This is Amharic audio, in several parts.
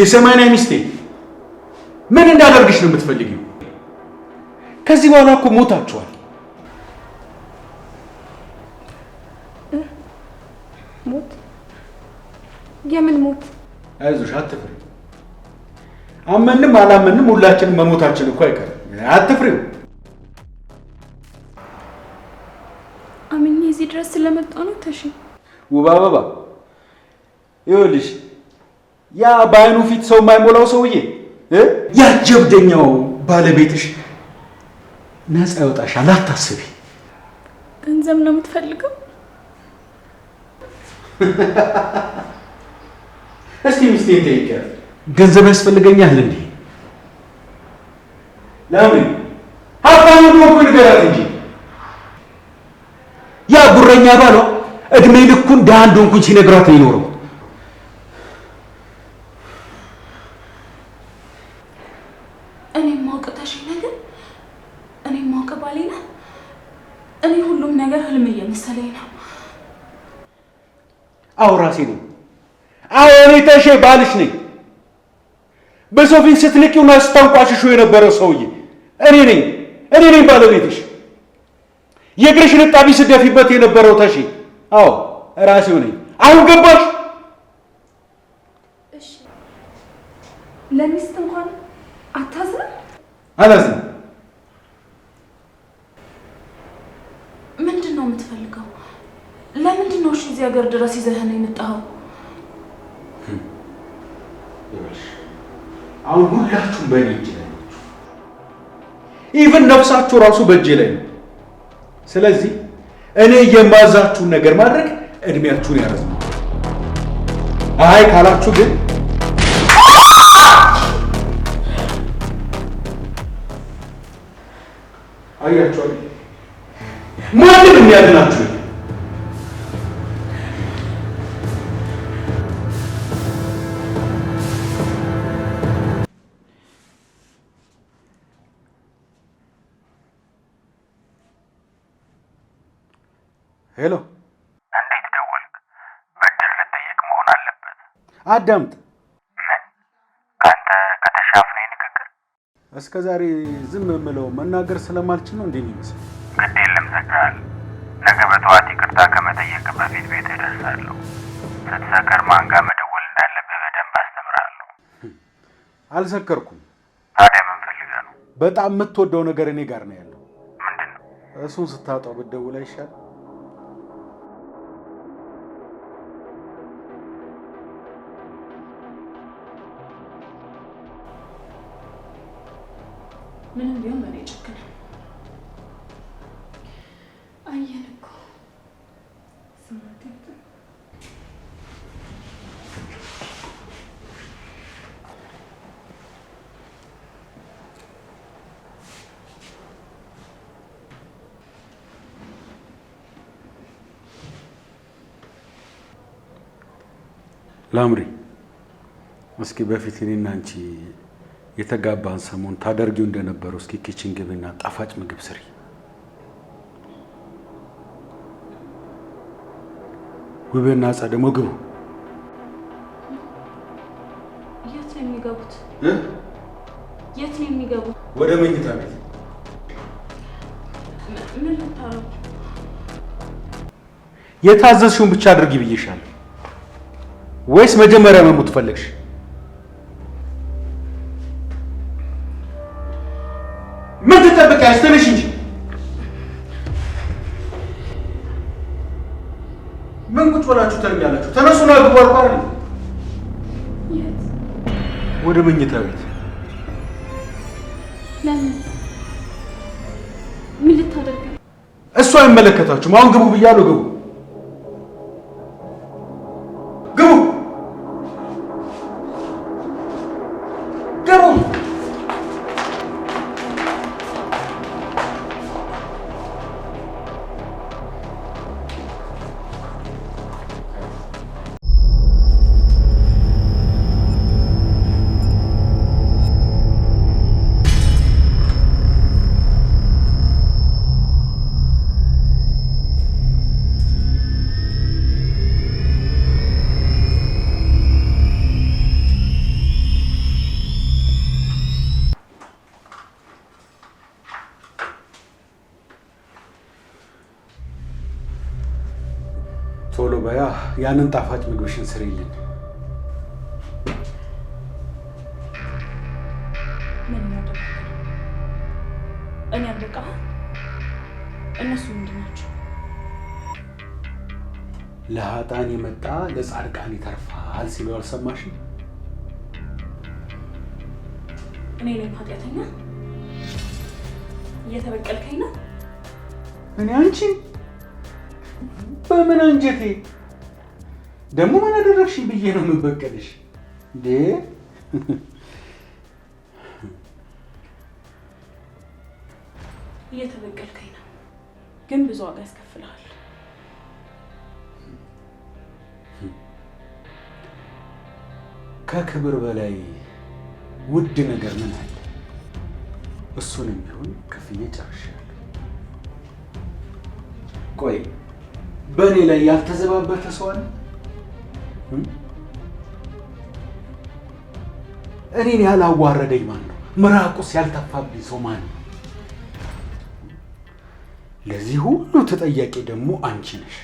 የሰማንያ ሚስቴ ምን እንዳደርግሽ ነው የምትፈልጊው? ከዚህ በኋላ እኮ ሞታችኋል። ሞት? የምን ሞት? አይዞሽ፣ አትፍሪ። አመንም አላመንም ሁላችንም መሞታችን እኮ አይቀርም። አትፍሪው። አምኜ እዚህ ድረስ ስለመጣ ነው። ተሽ ውብ አበባ ይኸውልሽ ያ በአይኑ ፊት ሰው የማይሞላው ሰውዬ ያ ጀብደኛው ባለቤትሽ ነፃ ያወጣሻል፣ አታስቢ። ገንዘብ ነው የምትፈልገው? እስቲ ሚስቴ ጠይቂያት። ገንዘብ ያስፈልገኛል እንዴ? ለምን ሀብታሙ እኮ ንገራት እንጂ ያ ጉረኛ ባሏ እድሜ ልኩን ደሃ እንደሆንኩኝ ሲነግራት ነው ህልም እየመሰለኝ ነው። አዎ ራሴ ነኝ። አዎ እኔ ተሼ ባልሽ ነኝ። በሰው ፊት ስትንቂውና ስታንቋሽሹ የነበረው ሰውዬ እኔ ነኝ። እኔ ነኝ ባለቤትሽ። የእግርሽን እጣቢ ስደፊበት የነበረው ተሼ አዎ ራሴው ነኝ። አሁን ገባሽ? ለሚስት እንኳን ነው የምትፈልገው? ለምንድን ነው እሺ እዚህ ሀገር ድረስ ይዘህን የመጣኸው? አሁን ሁላችሁም በእኔ እጅ ላይ ናችሁ። ኢቨን ነፍሳችሁ ራሱ በእጄ ላይ ነው። ስለዚህ እኔ የማዛችሁን ነገር ማድረግ እድሜያችሁን ያረዝ አይ ካላችሁ ግን አያችኋል ማንም የሚያድናችሁ ሄሎ፣ እንዴት ደወልክ? ብድር ልጠየቅ መሆን አለበት። አዳምጥ። ምን ከአንተ ከተሻፍነ ንግግር እስከ ዛሬ ዝም የምለው መናገር ስለማልችል ነው እንዴ? ይመስል ግዴ ይዘጋል። ነገ በጠዋት ይቅርታ ከመጠየቅ በፊት ቤት እደርሳለሁ። ስትሰከር ማን ጋር መደወል እንዳለብህ በደንብ አስተምራለሁ። አልሰከርኩም። ታዲያ ምን ፈልገህ ነው? በጣም የምትወደው ነገር እኔ ጋር ነው ያለው። ምንድን ነው? እሱን ስታጣው ብትደውል አይሻል? ምንም ቢሆን እኔ ጨክናለሁ ላምሪ እስኪ በፊት እኔና አንቺ የተጋባን ሰሞን ታደርጊው እንደነበረው እስኪ ኪችን ግብና ጣፋጭ ምግብ ስሪ። ውብና ጻ ደግሞ ግቡ። የት ነው የሚገቡት? የት ነው የሚገቡት? ወደ መኝታ ቤት። ምን ልታረጉ? የታዘዝሽውን ብቻ አድርጊ ብዬሻለሁ። ወይስ መጀመሪያ መሞት ፈለግሽ? ምን ትጠብቂያለሽ? ተነሽ እንጂ ምን ቁጭ ብላችሁ ተኛላችሁ? ነው ግቡ አልኳት። ወደ መኝታ ቤት ምን ልታደርግ? እሱ አይመለከታችሁም። አሁን ግቡ ብያለሁ፣ ግቡ ቶሎ በያ ያንን ጣፋጭ ምግብሽን ስሪልን። እኔ አልበቃ። እነሱ ምንድን ናቸው? ለሀጣን የመጣ ለጻድቃን ይተርፋል ሲሉ አልሰማሽም? እኔ ነኝ ኃጢአተኛ። እየተበቀልከኝ ነው። እኔ አንቺ በምን አንጀቴ ደግሞ ምን አደረግሽ ብዬ ነው የምበቀልሽ እንዴ? እየተበቀልከኝ ነው፣ ግን ብዙ ዋጋ ያስከፍልሃል። ከክብር በላይ ውድ ነገር ምን አለ? እሱንም ቢሆን ክፍዬ ጨርሻለሁ። ቆይ በእኔ ላይ ያልተዘባበተ ሰው አለ? እኔን ያላዋረደኝ ማን ነው? ምራቁስ ያልተፋብኝ ሰው ማን ነው? ለዚህ ሁሉ ተጠያቂ ደግሞ አንቺ ነሽ።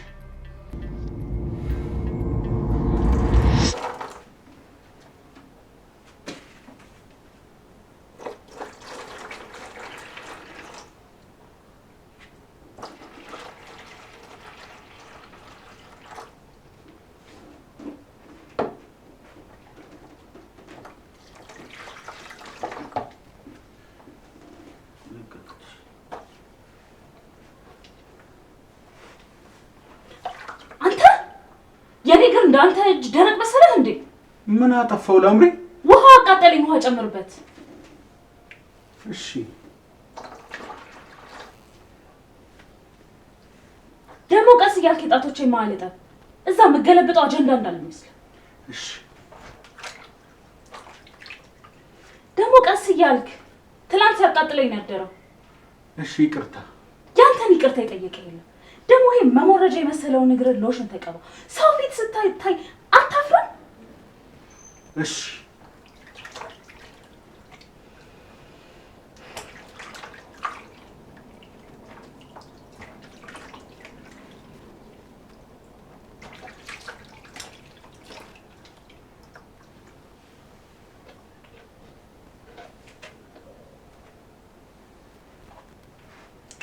አንተ እጅ ደረቅ መሰለህ እንዴ? ምን አጠፋው? ለምሬ? ውሃ አቃጠለኝ። ውሃ ጨምርበት። እሺ ደግሞ ቀስ እያልክ ጣቶች ማለጠ እዛ ምገለብጠው አጀንዳ እንዳለ ይመስል። እሺ ደግሞ ቀስ እያልክ ትናንት ሲያቃጥለኝ ነው ያደረው። እሺ ይቅርታ። ያንተን ይቅርታ የጠየቀ የለም። ደግሞ ይሄ መሞረጃ የመሰለውን እግር ሎሽን ተቀባ። ስታይ አታፍራም? እሺ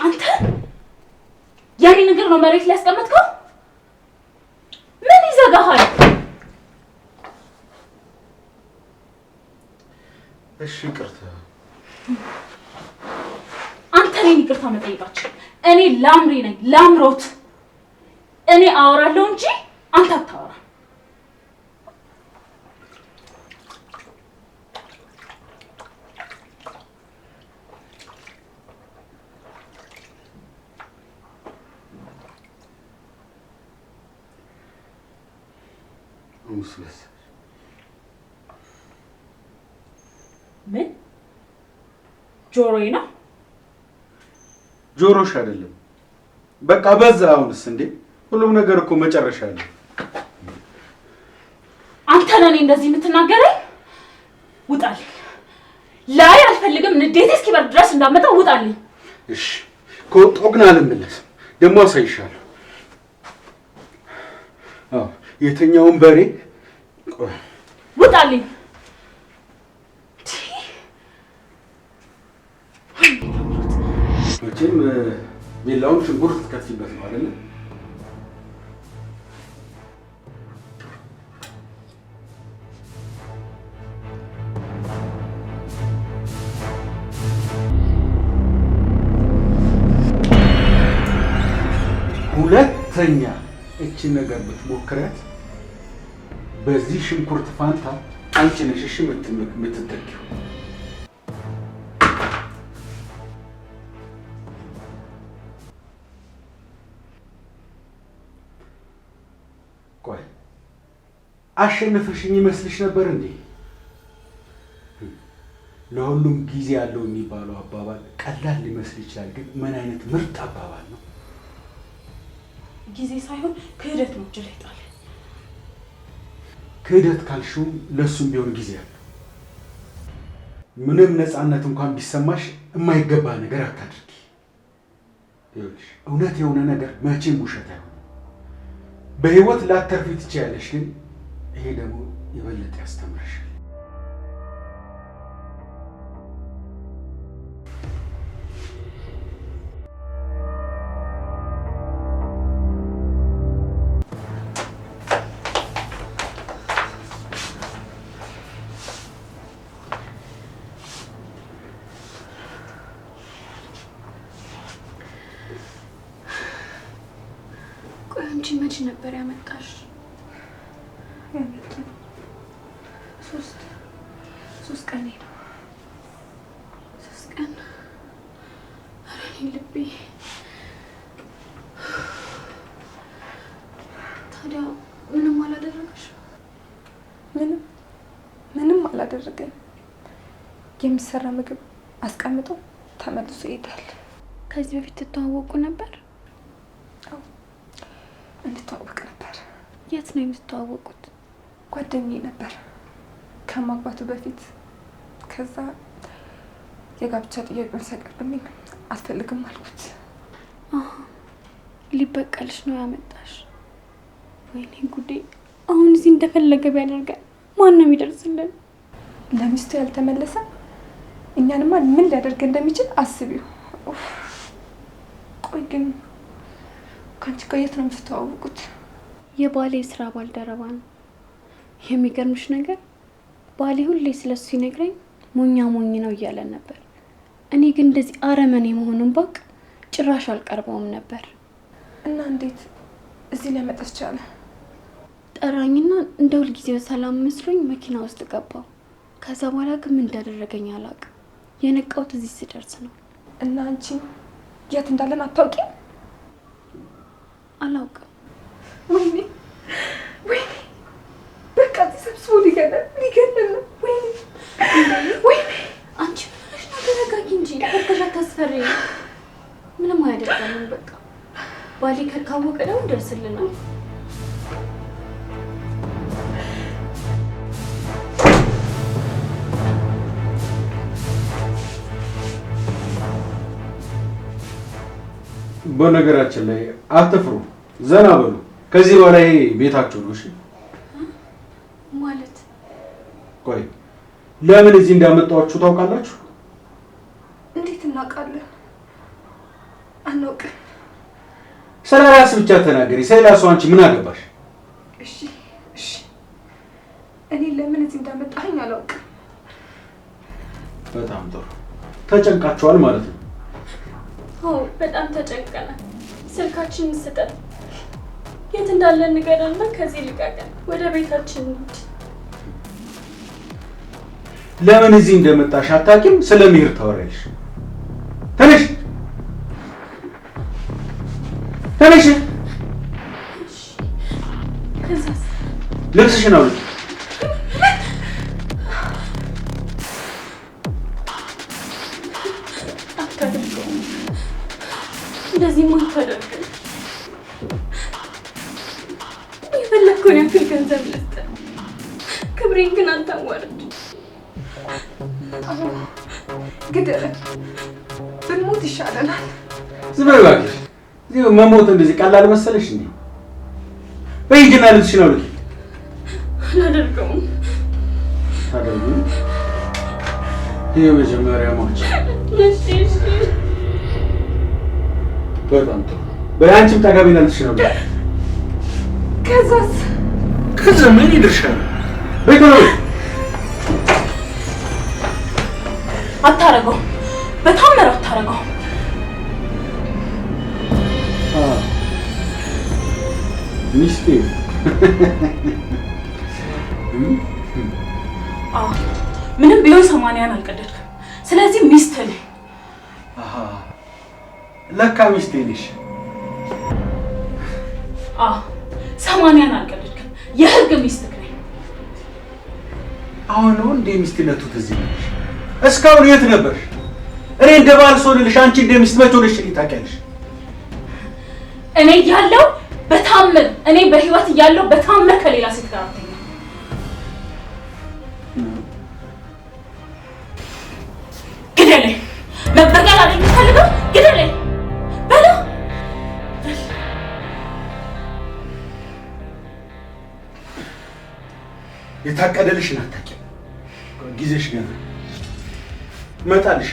አንተ ያሪ ነገር ነው መሬት ላይ ያስቀመጥከው? እሺ ይቅርታ። አንተ እኔን ይቅርታ መጠየቃችን እኔ ላምሬ ነኝ ላምሮት። እኔ አወራለሁ እንጂ አንተ አታወራ። ጆሮዬ ነው። ጆሮሽ አይደለም። በቃ በዛ። አሁንስ እንዴ! ሁሉም ነገር እኮ መጨረሻ ያለው አንተ ለእኔ እንደዚህ የምትናገረኝ ውጣል። ላይ አልፈልግም። ንዴቴ እስኪበርድ ድረስ እንዳመጣው ውጣልኝ። እሺ ከወጣሁ ግን አልመለስም። ደግሞ አሳይሻለሁ። የተኛውን በሬ ውጣልኝ። መቼም ቢላውን ሽንኩርት ትከትፊበት ነው አይደለ? ሁለተኛ እቺ ነገር ብትሞክሪያት በዚህ ሽንኩርት ፋንታ አንቺ ነሽ እሺ የምትተኪው። አሸነፈሽኝ ይመስልሽ ነበር እንዴ? ለሁሉም ጊዜ ያለው የሚባለው አባባል ቀላል ሊመስል ይችላል፣ ግን ምን አይነት ምርጥ አባባል ነው! ጊዜ ሳይሆን ክህደት ነው እጅ ላይ ጣለ። ክህደት ካልሽውም ለእሱም ቢሆን ጊዜ አለ። ምንም ነፃነት እንኳን ቢሰማሽ የማይገባ ነገር አታድርጊ። ይኸውልሽ እውነት የሆነ ነገር መቼም ውሸት አይሆንም። በህይወት ላተርፊ ትችያለሽ፣ ግን ይሄ ደግሞ የበለጠ ያስተምርሻል። አንቺ መች ነበር ያመጣሽ? ሶስት ቀን ሶስት ቀን ኧረ እኔ ምንም አላደረገሽ? የሚሰራ ምግብ አስቀምጦ ተመልሶ ይሄዳል። ከዚህ በፊት ትተዋወቁ ነበር? እንድተዋወቅ ነበር። የት ነው የምትተዋወቁት? ጓደኛ ነበር ከማግባቱ በፊት። ከዛ የጋብቻ ጥያቄውን ሲያቀርብልኝ አልፈልግም አልኩት። ሊበቀልሽ ነው ያመጣሽ? ወይኔ ጉዴ! አሁን እዚህ እንደፈለገ ቢያደርጋል ማን ነው የሚደርስልን? ለሚስቱ ያልተመለሰ እኛንማ ምን ሊያደርግ እንደሚችል አስቢው። ቆይ ግን ከአንቺ ጋር የት ነው የምትተዋወቁት? የባሌ ስራ ባልደረባ ነው። የሚገርምሽ ነገር ባሌ ሁሌ ስለሱ ሲነግረኝ ሞኛ ሞኝ ነው እያለን ነበር። እኔ ግን እንደዚህ አረመኔ መሆኑን ባቅ ጭራሽ አልቀርበውም ነበር። እና እንዴት እዚህ ለመጠስ ቻለ? ጠራኝና እንደ ሁልጊዜ በሰላም መስሎኝ መኪና ውስጥ ገባው። ከዛ በኋላ ግን ምን እንዳደረገኝ አላውቅም። የነቃውት እዚህ ስደርስ ነው። እና አንቺ የት እንዳለን አታውቂም? አላውቅም። ወይኔ ካወቀ ነው ይደርስልናል። በነገራችን ላይ አትፍሩ፣ ዘና በሉ። ከዚህ በላይ ቤታችሁ ነው። እሺ ማለት ቆይ፣ ለምን እዚህ እንዳመጣችሁ ታውቃላችሁ? ስለ ራስ ብቻ ተናገሪ። ሳይላሱ አንቺ ምን አገባሽ? እሺ እሺ፣ እኔ ለምን እዚህ እንዳመጣኸኝ አላውቅም። በጣም ጥሩ ተጨንቃችኋል ማለት ነው። አዎ በጣም ተጨንቀናል። ስልካችን ስጠን፣ የት እንዳለን ንገረና ከዚህ ልቀቀን፣ ወደ ቤታችን እንሂድ። ለምን እዚህ እንደመጣሽ አታውቂም። ስለ ምሄር ታወሪያለሽ ተነሽ። ልብስሽ ነው። እንደዚህ የፈለግከውን ያክል ገንዘብ ልስጥህ፣ ክብሬን ግን አታዋርድ። ግደረኝ፣ ብንሞት ይሻለናል። ዝም በይ እባክሽ። መሞት እንደዚህ ቀላል መሰለሽ እንዴ? በይጅና ልጅሽ ነው አላደርገውም። ይህ መጀመሪያ በጣም ጥሩ። ነው። ከዛስ ከዛ ምን ይድርሻል? ቤት ነው አታረገው፣ በታምር አታረገው ሚስቴ hmm? hmm. ah, ምንም ቢሆን ሰማንያን አልቀደድክም። ስለዚህ ሚስት ነኝ። ለካ ሚስቴ ነሽ። ሰማንያን አልቀደድክም። የህግ ሚስትክ ነኝ። አሁን ነው እንደ ሚስትነቱ ትዝ ይለሽ። እስካሁን የት ነበር እኔ እንደ ባል ሰው ልልሽ፣ አንቺ እንደ ሚስት መቼ ሆነሽ ታውቂያለሽ? እኔ እያለሁ በታምር እኔ በህይወት እያለሁ በታምር ከሌላ ሴት ጋር አትተኛ። ግደለኝ። መበቀል ግደለኝ የታቀደልሽን አታውቂም። ጊዜሽ ገና መጣልሽ።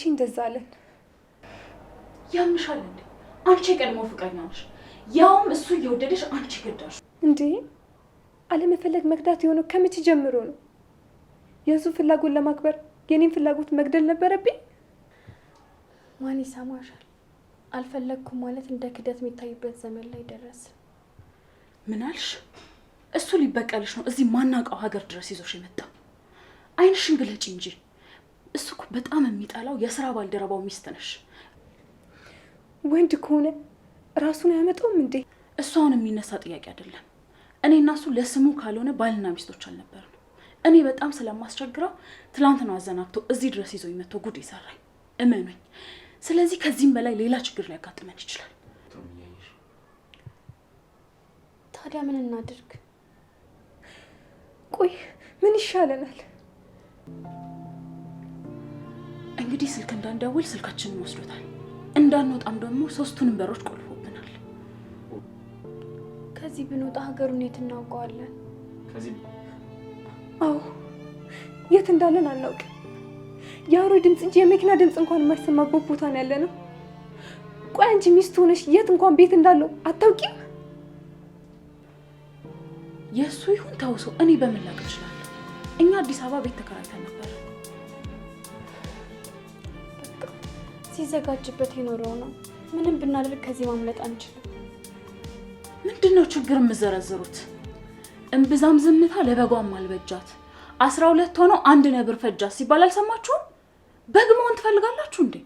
መቼ እንደዛ አለን? ያምሻል እንዴ? አንቺ የቀድሞ ፍቅረኛ ነሽ፣ ያውም እሱ እየወደደሽ አንቺ ገዳሽ እንዴ? አለመፈለግ መግዳት የሆነው ከመቼ ጀምሮ ነው? የእሱ ፍላጎት ለማክበር የኔም ፍላጎት መግደል ነበረብኝ? ማን ይሰማሻል? አልፈለግኩም ማለት እንደ ክደት የሚታይበት ዘመን ላይ ደረስ። ምን አልሽ? እሱ ሊበቀልሽ ነው። እዚህ ማናውቀው ሀገር ድረስ ይዞሽ የመጣ አይንሽን ግለጪ እንጂ እሱ እኮ በጣም የሚጠላው የስራ ባልደረባው ሚስት ነሽ። ወንድ ከሆነ ራሱን አያመጣውም እንዴ? እሱ አሁን የሚነሳ ጥያቄ አይደለም። እኔ እና እሱ ለስሙ ካልሆነ ባልና ሚስቶች አልነበርም። እኔ በጣም ስለማስቸግረው ትላንት ነው አዘናግቶ እዚህ ድረስ ይዞ መጥቶ ጉድ ይሰራኝ፣ እመኑኝ። ስለዚህ ከዚህም በላይ ሌላ ችግር ሊያጋጥመን ይችላል። ታዲያ ምን እናድርግ? ቆይ ምን ይሻለናል? እንግዲህ ስልክ እንዳንደውል ስልካችንን ወስዶታል። እንዳንወጣም ደግሞ ሶስቱንም በሮች ቆልፎብናል። ከዚህ ብንወጣ ሀገሩን የት እናውቀዋለን? አዎ የት እንዳለን አናውቅ? የአውሬ ድምፅ እንጂ የመኪና ድምፅ እንኳን የማይሰማበት ቦታ ነው ያለ ነው። ቆይ አንቺ ሚስት ሆነሽ የት እንኳን ቤት እንዳለው አታውቂም? የእሱ ይሁን ታውሶ እኔ በምን ላቅ እችላለሁ? እኛ አዲስ አበባ ቤት ተከራይተን ነበር። ሲዘጋጅበት የኖረው ነው። ምንም ብናደርግ ከዚህ ማምለጥ አንችልም። ምንድን ነው ችግር የምዘረዝሩት? እምብዛም ዝምታ ለበጓም አልበጃት። አስራ ሁለት ሆኖ አንድ ነብር ፈጃት ሲባል አልሰማችሁም? በግ መሆን ትፈልጋላችሁ እንዴ?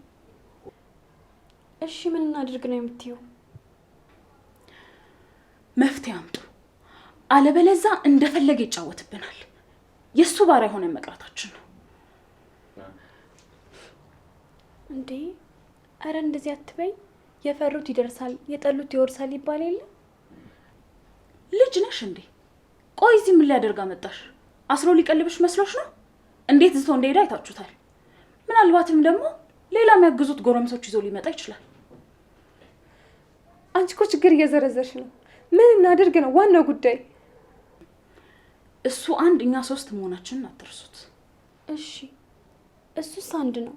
እሺ ምን እናድርግ ነው የምትይው? መፍትሄ አምጡ፣ አለበለዛ እንደፈለገ ይጫወትብናል። የእሱ ባሪያ የሆነ መቅረታችን ነው እንዴ? አረ እንደዚህ አትበይ፣ የፈሩት ይደርሳል፣ የጠሉት ይወርሳል ይባል የለ። ልጅ ነሽ እንዴ? ቆይ እዚህ ምን ሊያደርግ አመጣሽ? አስሮ ሊቀልብሽ መስሎሽ ነው? እንዴት ዝቶ እንደሄደ አይታችሁታል። ምናልባትም ደግሞ ሌላ የሚያግዙት ጎረምሶች ይዞ ሊመጣ ይችላል። አንቺ እኮ ችግር እየዘረዘርሽ ነው። ምን እናድርግ ነው ዋናው ጉዳይ። እሱ አንድ እኛ ሶስት መሆናችንን አትርሱት እሺ። እሱስ አንድ ነው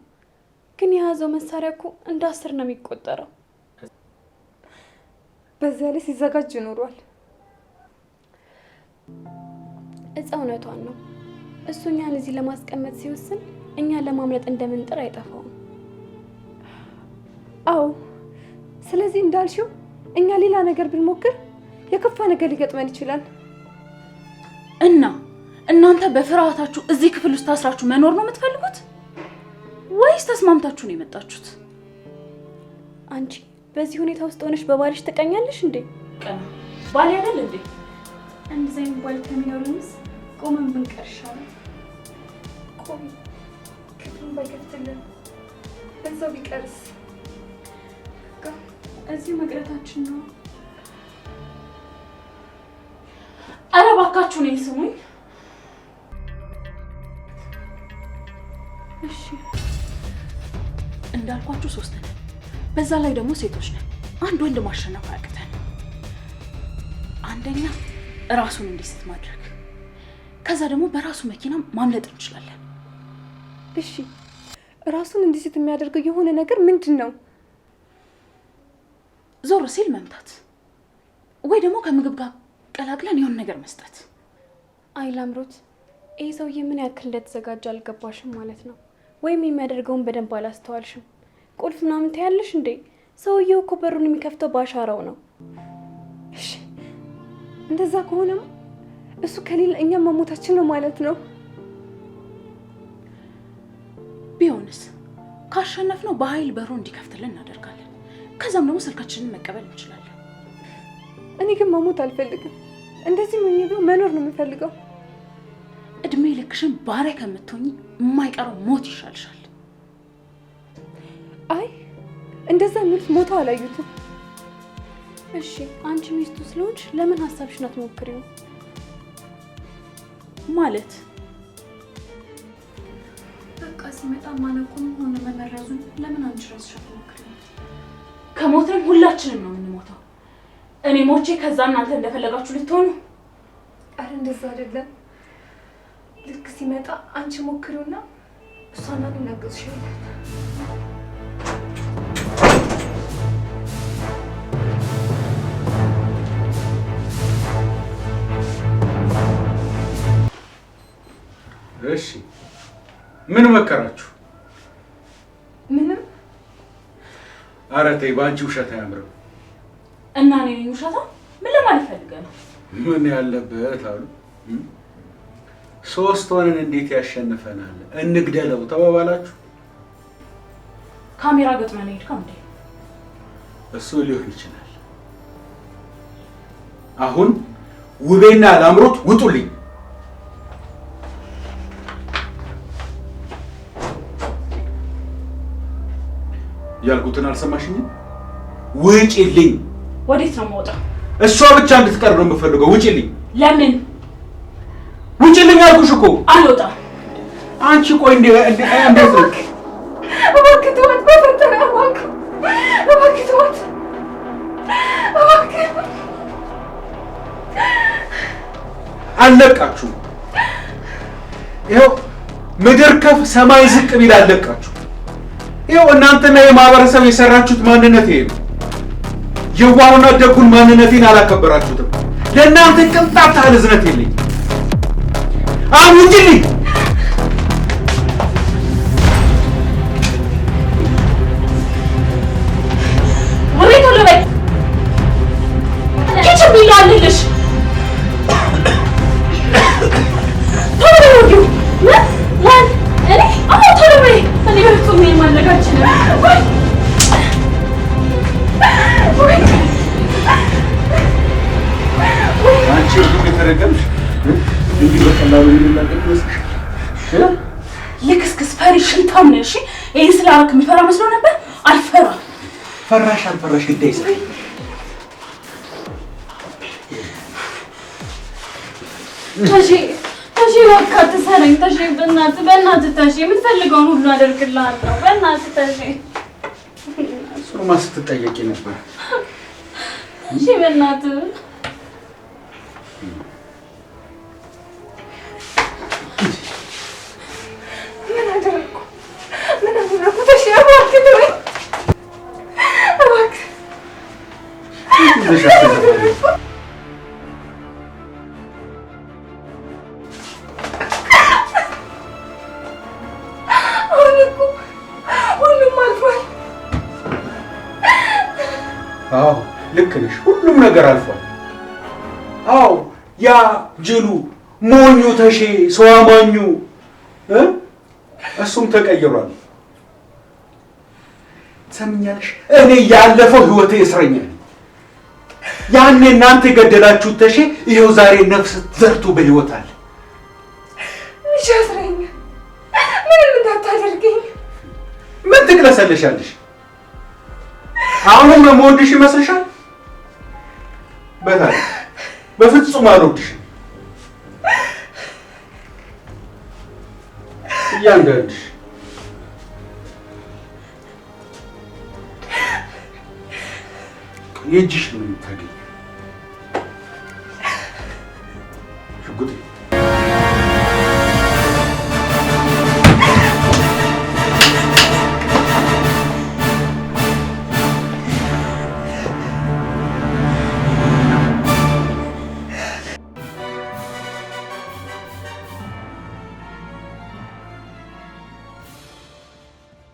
ግን የያዘው መሳሪያ እኮ እንደ አስር ነው የሚቆጠረው። በዚያ ላይ ሲዘጋጅ ይኖሯል። እጽ እውነቷን ነው። እሱ እኛን እዚህ ለማስቀመጥ ሲወስን እኛን ለማምለጥ እንደምንጥር አይጠፋውም። አዎ፣ ስለዚህ እንዳልሽው እኛ ሌላ ነገር ብንሞክር የከፋ ነገር ሊገጥመን ይችላል። እና እናንተ በፍርሃታችሁ እዚህ ክፍል ውስጥ ታስራችሁ መኖር ነው የምትፈልጉት? ወይስ ተስማምታችሁ ነው የመጣችሁት? አንቺ በዚህ ሁኔታ ውስጥ ሆነሽ በባልሽ ትቀኛለሽ እንዴ? ቀና ባል ያደል እንዴ? እንደዚህ አይነት ባል ከሚኖርንስ ቆመን ብንቀር ይሻላል። ቆም ክፍሉን ባይከፍትልን እዛው ቢቀርስ? እዚህ መቅረታችን ነው። አረ እባካችሁ ነኝ ስሙኝ እንዳልኳችሁ ሶስት ነን። በዛ ላይ ደግሞ ሴቶች ነን። አንድ ወንድ ማሸነፍ አያቅተን። አንደኛ ራሱን እንዲስት ማድረግ፣ ከዛ ደግሞ በራሱ መኪና ማምለጥ እንችላለን። እሺ፣ ራሱን እንዲስት የሚያደርገው የሆነ ነገር ምንድን ነው? ዞር ሲል መምታት ወይ ደግሞ ከምግብ ጋር ቀላቅለን የሆነ ነገር መስጠት። አይ ላምሮት፣ ይህ ሰውዬ ምን ያክል እንደተዘጋጀ አልገባሽም ማለት ነው። ወይም የሚያደርገውን በደንብ አላስተዋልሽም። ቁልፍ ምናምን ታያለሽ እንዴ? ሰውየው እኮ በሩን የሚከፍተው ባሻራው ነው። እሺ እንደዛ ከሆነም እሱ ከሌለ እኛም መሞታችን ነው ማለት ነው። ቢሆንስ ካሸነፍነው በኃይል በሩ እንዲከፍትልን እናደርጋለን። ከዛም ደግሞ ስልካችንን መቀበል እንችላለን። እኔ ግን መሞት አልፈልግም። እንደዚህ መኖር ነው የምፈልገው። እድሜ ልክሽን ባሪያ ከምትሆኝ የማይቀረው ሞት ይሻልሻል። አይ እንደዛ የሚሉት ሞታ አላዩትም። እሺ አንቺ ሚስቱ ስለሆንሽ ለምን ሀሳብሽን ሞክሪው ማለት በቃ ሲመጣ ማለቁም ሆነ መመረዙን ለምን አንቺ ራስሽ አትሞክሪው? ከሞትንም ሁላችንም ነው የምንሞተው። እኔ ሞቼ ከዛ እናንተ እንደፈለጋችሁ ልትሆኑ። አረ እንደዛ አይደለም ልክ ሲመጣ አንቺ ሞክሪውና እሷና ሊነግዝሽ ይላል። እሺ ምን መከራችሁ? ምንም። ኧረ ተይ በአንቺ ውሸት አያምርም። እና እኔ ውሸታ ምን ለማለት ፈልገህ ነው? ምን ያለበት አሉ ሶስት ሆነን እንዴት ያሸንፈናል? እንግደለው ተባባላችሁ። ካሜራ ገጥመን ሄድከው እንዴ? እሱ ሊሆን ይችላል። አሁን ውቤና ላምሮት ውጡልኝ። ያልኩትን አልሰማሽኝም? ውጪልኝ። ወዴት ነው የምወጣው? እሷ ብቻ እንድትቀር ነው የምፈልገው። ውጪልኝ። ለምን? ውጪልኝ አልኩሽ እኮ አልወጣም። አንቺ ቆይ እንደ እንደ አለቃችሁ ይኸው ምድር ከፍ ሰማይ ዝቅ ቢል አለቃችሁ። ይኸው እናንተና የማህበረሰብ የሰራችሁት ማንነት ይሄ ነው። የዋሁና ደጉን ማንነቴን አላከበራችሁትም። ለእናንተ ቅንጣት ታህል እዝነት የለኝም። Aa mutili. አምላክ የሚፈራ መስሎ ነበር። አልፈራ ፈራሽ አልፈራሽ ግዳይ ስ ተሺ ተሺ በቃ ትሰረኝ ተሺ፣ በእናት በእናትህ ተሺ፣ የምትፈልገውን ሁሉ አደርግልሃለሁ። በእናትህ ተሺ። ሱሩማ ስትጠየቂ ነበር። እሺ በእናትህ ልክ ነሽ። ሁሉም ነገር አልፏል። አዎ ያ ጅሉ ሞኙ ተሼ ሰው አማኙ እሱም ተቀይሯል። እኔ ያለፈው ህይወቴ እስረኛል ያኔ እናንተ የገደላችሁት ተሼ ይኸው ዛሬ ነፍስ ዘርቶ በሕይወት አለ። ሻስረኛ ምንም እንዳታደርገኝ። ምን ትቅለሰለሻለሽ? አሁንም መወድሽ ይመስልሻል? በታ በፍጹም አልወድሽም። እያንዳንድሽ የእጅሽ ምን ታገኝ good evening.